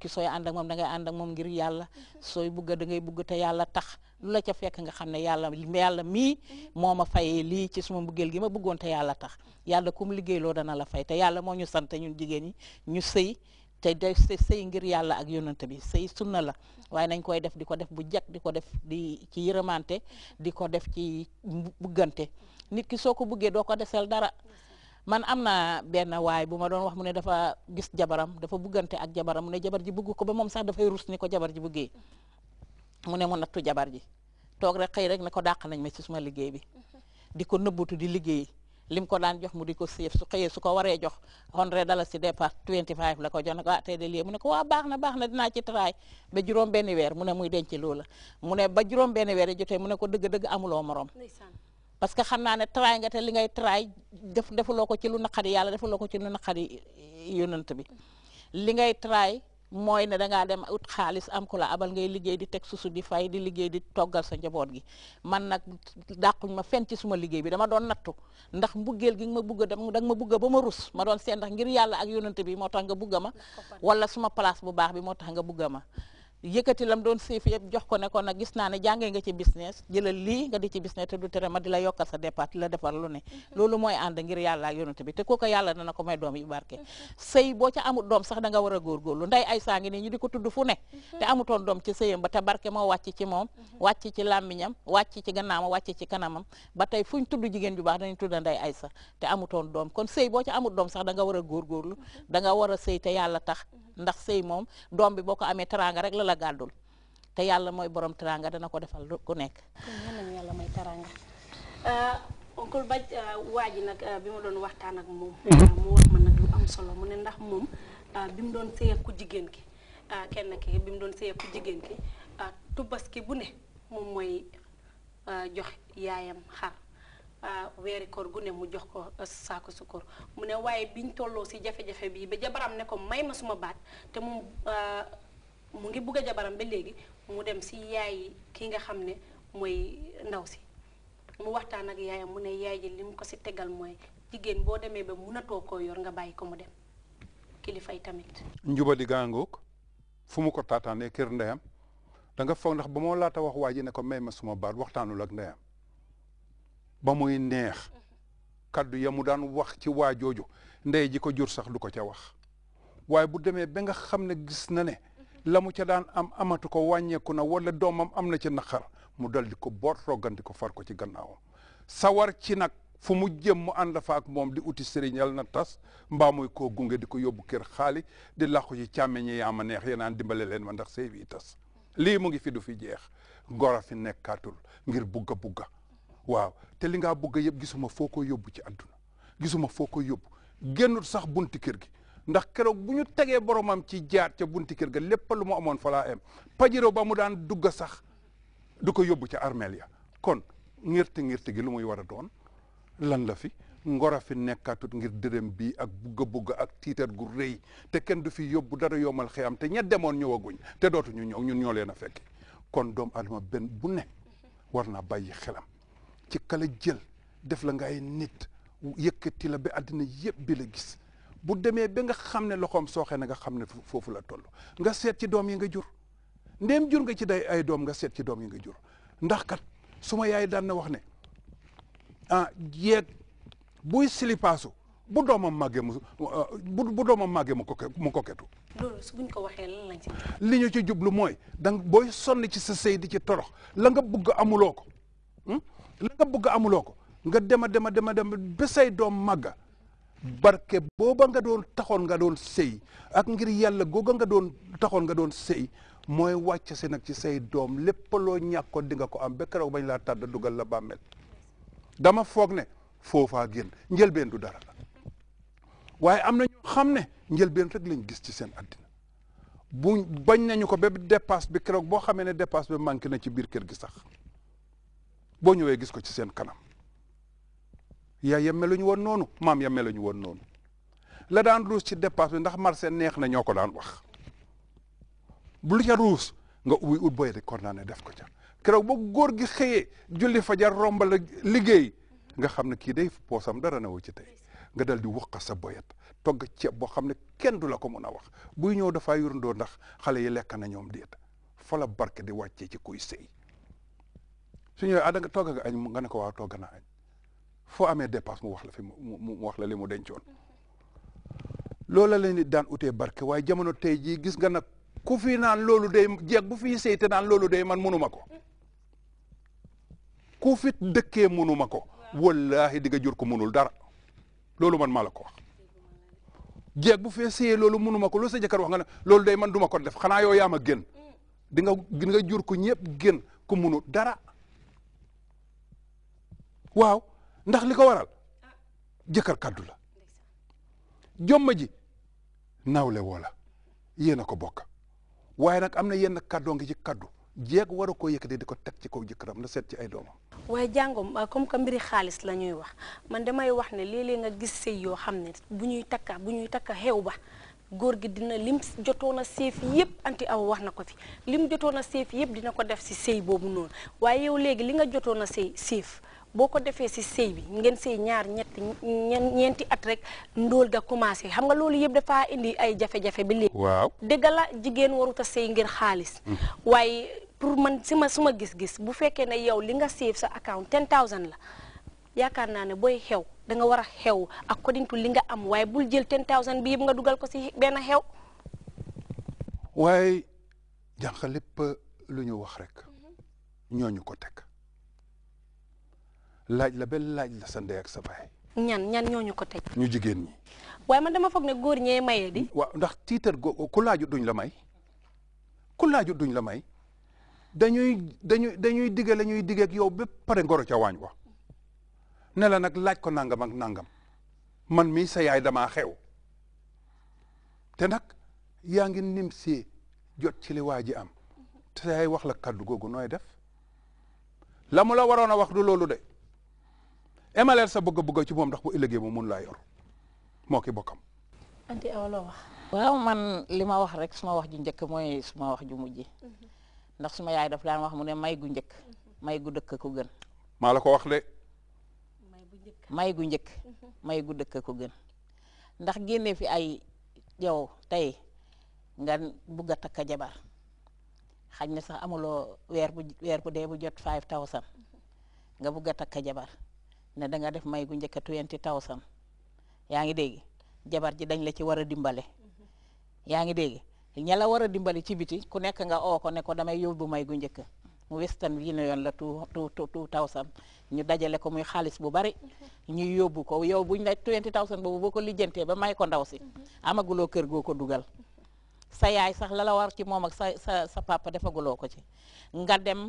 ki sooy ànd moom dangay ànd moom ngir yàlla sooy bugg da ngay bugg te yàlla tax lu la ca fekk nga xam ne yàlla yàlla mii moo ma fayee lii ci suma mbuggeel gi ma bëggoon te yàlla tax yàlla kum liggéeyloo dana la fay te yàlla moo ñu sante ñun jigéen ñi ñu sëy te day sëy ngir yàlla ak yonent bi sëy sunna la waaye nañ koy def di ko def bu jag di ko def di ci yërëmaante di ko def ci buggante nit ki soo ko buggee doo ko desel dara man am na benn waay bu ma doon wax mu ne dafa gis jabaram dafa buggante ak jabaram mu ne jabar ji bugg ko ba moom sax dafay rus ni ko jabar ji buggee mu ne mu nattu jabar ji toog rek xëy rek ne ko dàq nañ ma ci suma liggéey bi di ko nëbbutu di liggéey lim ko daan jox mu di ko séef su xëyee su ko waree jox hundred dalasi départ 25 la ko jox ne ko ah tey de lii mu ne ko baax na baax na dinaa ci taraay ba juróom benn weer mu ne muy denc loola mu ne ba juróom benn weer yi jotee mu ne ko dëgg-dëgg amuloo morom parce que xam naa ne try nga te li ngay try def defuloo ko ci lu naqari yàlla defuloo ko ci lu naqari yonant bi li ngay try mooy ne dangaa dem ut xaalis am ku la abal ngay liggéey di teg susu di fay di liggéey di toggal sa njaboot gi man nag dàquñ ma fenn ci suma liggéey bi dama doon nattu ndax mbuggeel gi nga ma bugg a dem danga ma bugg ba ma rus ma doon seet ndax ngir yàlla ak yonant bi moo tax nga bugg ma wala suma place bu baax bi moo tax nga bugg ma yëkkati lam doon siif yëpp jox ko ne kon nag gis naa ne jàngee nga ci business jëlal lii nga di ci business te du tere ma di la yokkal sa départ la defar lu ne mm-hmm. loolu mooy ànd ngir yàlla ak yonent bi te kooku yàlla dana ko may doom yu barke mm-hmm. sëy boo ca amut doom sax da nga war a góorgóorlu nday ay saa ngi ñu di ko tudd fu ne mm-hmm. te amutoon doom ci sëyam ba te barke moo wàcc ci moom wàcc ci làmmiñam wàcc ci gannaama wàcc ci kanamam ba tey fu ñu tudd jigéen ju baax dañu tudd nday ay sa te amutoon doom kon sëy boo ci amut doom sax da nga war a góorgóorlu da nga war sëy te yàlla tax ndax sëy moom doom bi boo ko amee teraanga rek la la gàddul te yàlla mooy borom teraanga dana ko defal ku nekk. kon yal nañu yàlla may euh, euh, waa ji nag euh, bi ma doon waxtaan ak moom. Mhm. mu wax ma nag lu am solo mu ne ndax moom bi mu doon sëy ak ku jigéen ki kenn ki bi mu doon sëy ak ku jigéen ki tubaski bu ne moom mooy jox yaayam xar. Euh, weeri koor gu ne mu jox ko euh, saako sukkur mu ne waaye biñ tolloo si jafe-jafe bii ba jabaram ne ko may ma suma baat te mu euh, mu ngi bugg a jabaram ba léegi mu dem si yaay ki nga xam ne mooy ndaw si mu waxtaan ak yaayam mu ne yaay ji li mu ko si tegal mooy jigéen boo demee ba munatoo koo yor nga bàyyi ko mu dem kilifa yi tamit. njubadi gaangoog fu mu ko taataanee kër ndeyam da nga foog ndax ba moo laata wax waa ji ne ko may ma suma baat waxtaanul ak ndeyam. ba muy neex kaddu ya mu daan wax ci waa jooju ndey ji ko jur sax du ko ca wax waaye bu demee ba nga xam ne gis na ne la mu ca daan am amatu ko wàññeeku na wala doomam am na ci naqar mu dal di ko boot roggandi ko far ko ci gannaawam sawar ci nag fu mu jëm mu ànd fa moom di uti sëriñ na tas mbaa muy ko gunge di ko yóbbu kër xaali di làqu ci càmmeñ yi yaa a neex yenaan dimbale leen ma ndax sëy bi tas lii mu ngi fi du fi jeex ngor a fi nekkaatul ngir bugga bugga waaw te li ngaa bëgg yëpp gisuma foo ko yóbbu ci àdduna gisuma foo ko yóbbu génnut sax bunti kër gi ndax keroog bu ñu tegee boromam ci jaar ca bunti kër ga lépp lu ma amoon fa laa em ba mu daan dugg sax du ko yóbbu ca armeel ya kon ngirti ngirti gi lu muy war a doon lan la fi ngora fi nekkatut ngir dërëm bii ak bugga-bugga ak tiitar gu rëy te kenn du fi yóbbu dara yomal xiyam te ña demoon ñëwaguñ te dootuñu ñëw ñun ñoo leen a fekki kon doomu adama benn bu ne war naa bàyyi xelam ci kala jël def la ngay nit yëkkati la ba àddina yëpp bi la gis bu demee ba nga xam ne loxoom sooxee na nga xam ne foofu la toll nga seet ci doom yi nga jur ndéem jur nga ci day ay doom nga seet doom yi nga jur ndax kat suma yaay daan na wax ne ah jeeg buy silipaasu bu doomam màggee mu bu doomam màggee mu koke mu koketu buñ ko waxee li ñu ci jublu mooy dang booy sonn ci sa sëy di ci torox la nga bugg amuloo ko hmm? la nga bëgg amuloo ko nga dema dema dema dem ba say doom màgga barke booba nga doon taxoon nga doon sëy ak ngir yàlla googa nga doon taxoon nga doon sëy mooy wàcc si nag ci say doom lépp ñàkkoo ñàkkoon di nga ko am ba keroog bañ laa tàdd dugal la bàmmeel dama foog ne foofaa génn njëlbeen du dara la waaye am na ñoo xam ne njëlbeen rek lañ gis ci seen àddina bu bañ nañu ko be dépasse bi keroog boo xamee ne dépasse bi manqué na ci biir kër gi sax boo ñëwee gis ko ci seen kanam yaay ya meluñu woon noonu maam ya meluñu woon noonu la daan ruus ci dépasse bi ndax marché neex na ñoo ko daan wax bu lu ca ruus nga ubbi ut boy rek ne def ko ca keroog ba góor gi xëyee julli fajar romba la liggéey nga xam ne kii day poosam dara newu ci tey nga dal di wax waq sa boyet togg ceeb boo xam ne kenn du la ko mun a wax buy ñëw dafa yurndoo ndax xale yi lekk na ñoom déet fa la barke di wàccee ci kuy sëy su ñëwee ah da nga togg nga añ nga ne ko waaw togg naa añ foo amee dépasse mu wax la fi mu wax la li mu dencoon loola leen di daan utee barke waaye jamono tey jii gis nga nag ku fi naan loolu day jeeg bu fi seyte naan loolu day man mënuma ko ku fit dëkkee mënuma ko wallahi di nga jur ko mënul dara loolu man maa la ko wax bu fee loolu mënuma ko loolu sa jëkkër wax nga ne loolu day man duma ko def xanaa yow yaa ma gën di nga di jur ko ñëpp gën ko mënul dara waaw ndax li ko waral jëkkër kàddu la jomma ji nawle woo la yéen a ko bokk waaye nag am na yenn kaddoo ngi ci kàddu jeeg war koo yëkk yëkkatee di ko teg ci kaw jëkkëram na seet ci ay doomam waaye jàngom euh, comme que mbiri xaalis la ñuy wax man damay wax ne léeg-léeg nga gis sëy yoo xam ne bu ñuy takka bu ñuy takka xew ba góor gi dina lim jotoon a seef yëpp anti aw wax na ko fi lim jotoon a seef yëpp dina ko def si sëy boobu noonu waaye yow léegi li nga jotoon a sëy seef boko defé ci sey bi ngeen sey ñaar ñetti ñenti at rek ndol ga commencé xam nga lolu yeb dafa indi ay jafé jafé bi li waw la jigen warut sey ngir xaalis mm. waye pour man sima suma gis-gis bu féké né yow li nga save sa account 10000 la yaakaar na ne boy xew da nga wara xew ak according to li nga am waye bul jël 10000 bi yeb nga dugal ko ci ben xew waye jànq lépp lu wax rek ñoñu ko laaj la bel laaj la sa ndey ak sa bay ñan ñan ñoñu ko tej ñu jigen ñi. way man dama foog ne goor ñe maye di. wa ndax titer go ku laaju duñ la may ku laaju duñ la may dañuy dañuy dañuy digge lañuy digge ak yow ba pare ngoro ca wañ wa ne la nak laaj ko nangam ak nangam man mi sa yaay dama xew te nak yaangi nim jot ci li waji am tay wax la kaddu gogu noy def lamu la warona wax du lolou de. emaleel sa bëgg bëgg ci moom ndax bu ëllëgee moom mun laa yor moo ki bokkam. anti aw waaw man li ma wax rek suma wax ju njëkk mooy suma wax ju mujj ndax suma yaay daf daan wax mu ne may gu njëkk may gu dëkk ku la ko wax de. may njëkk may gu dëkk ku gën ndax génne fi ay yow tey nga bugg a takka jabar xañ na sax amuloo weer bu weer bu dee bu jot five thousand nga bugg a takka jabar. ne danga def may gu njëkk a twenty thousand yaa ngi dégg jabar ji dañ la ci war a dimbale yaa ngi dégg ña la war a dimbali ci biti ku nekk nga oo ko ne ko damay yóbbu may gu njëkk mu westan wi ne yoon la two two two thousand ñu dajale ko muy xaalis bu bari ñuy yóbbu ko yow buñ la twenty thousand boobu boo ko lijjantee ba may ko ndaw si amaguloo kër goo ko dugal sa yaay sax lala war ci moom ak sa sa sa papa defaguloo ko ci nga dem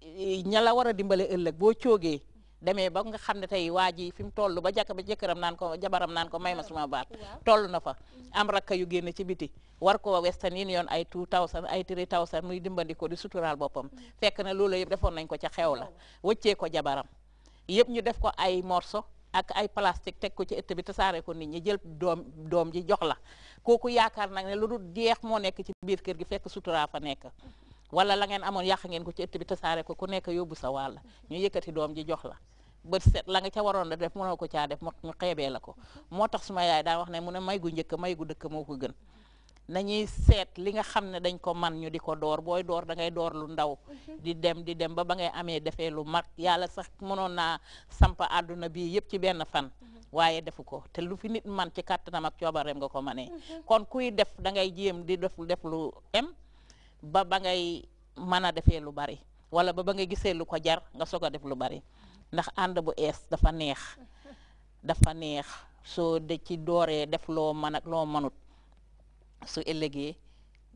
eh, ñala la war a dimbale ëllëg boo coogee demee ba nga xam ne tey waa ji fi mu toll ba jàkk ba jëkkëram naan ko jabaram naan ko may ma suma baat toll na fa am rakka yu génne ci biti war ko Western yoon ay two thousand ay three thousand muy dimbali ko di suturaal boppam mm. fekk na loolu yëpp defoon nañ ko ca xew la wëccee ko jabaram yëpp ñu def ko ay morso ak ay plastique teg ko ci ëtt bi tasaare ko nit ñi jël doom doom ji jox la kooku yaakaar nag ne lu dul jeex moo nekk ci biir kër gi fekk suturaa fa nekk wala la ngeen amoon yàq ngeen ko ci ëtt bi tasaare ko ku nekk yóbbu sa wàll mm. ñu yëkkati doom ji jox la bët set la nga ca waroon a def mënoo ko caa def mu xeebee la ko moo tax suma yaay daa wax ne mu ne may gu njëkk may gu dëkk moo ko gën nañuy seet li nga xam ne dañ ko man ñu di ko door booy door dangay door lu ndaw mhm. di dem di dem ba ba ngay amee defee lu mag yàlla sax mënoon naa samp àdduna bii yëpp ci benn fan mhm. waaye defu ko te lu fi nit man ci kàttanam ak coobareem nga ko manee mhm. kon kuy def da ngay jéem di def def lu em ba ba ngay mën a defee lu bari wala ba ba nga gisee lu ko jar nga soog a def lu bari ndax ànd bu ees dafa neex dafa neex soo de ci dooree def loo mën ak loo mënut su ëllëgee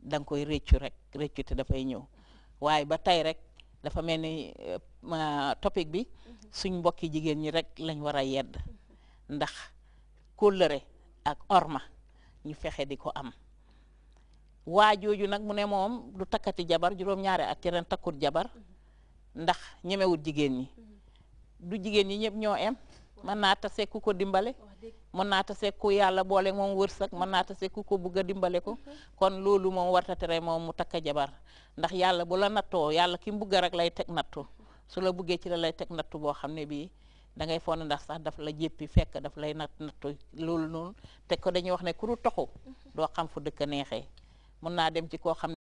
danga koy réccu rek réccu te dafay ñëw waaye ba tey rek dafa mel ni topic bi suñ mbokki jigéen ñi rek lañ war a yedd ndax kóllëre ak orma ñu fexe di ko am waa jooju nag mu ne moom du takkati jabar juróom-ñaari at ci takkut jabar ndax ñemewut jigéen ñi du jigéen ñi ñëpp ñoo em mën naa tase ku ko dimbale mën naa tase yàlla boole moom wërsëg mën naa tase ko bugg a dimbale ko kon loolu moom warta tere moom mu takk jabar ndax yàlla bu la nattoo yàlla ki mu bugg rek lay teg nattu su la buggee ci la lay teg nattu boo xam ne bii da ngay foog ne ndax sax daf la jéppi fekk daf lay natt nattu loolu noonu teg ko dañuy wax ne ku du toxu mhm. doo xam fu dëkk neexee mën naa dem ci koo xam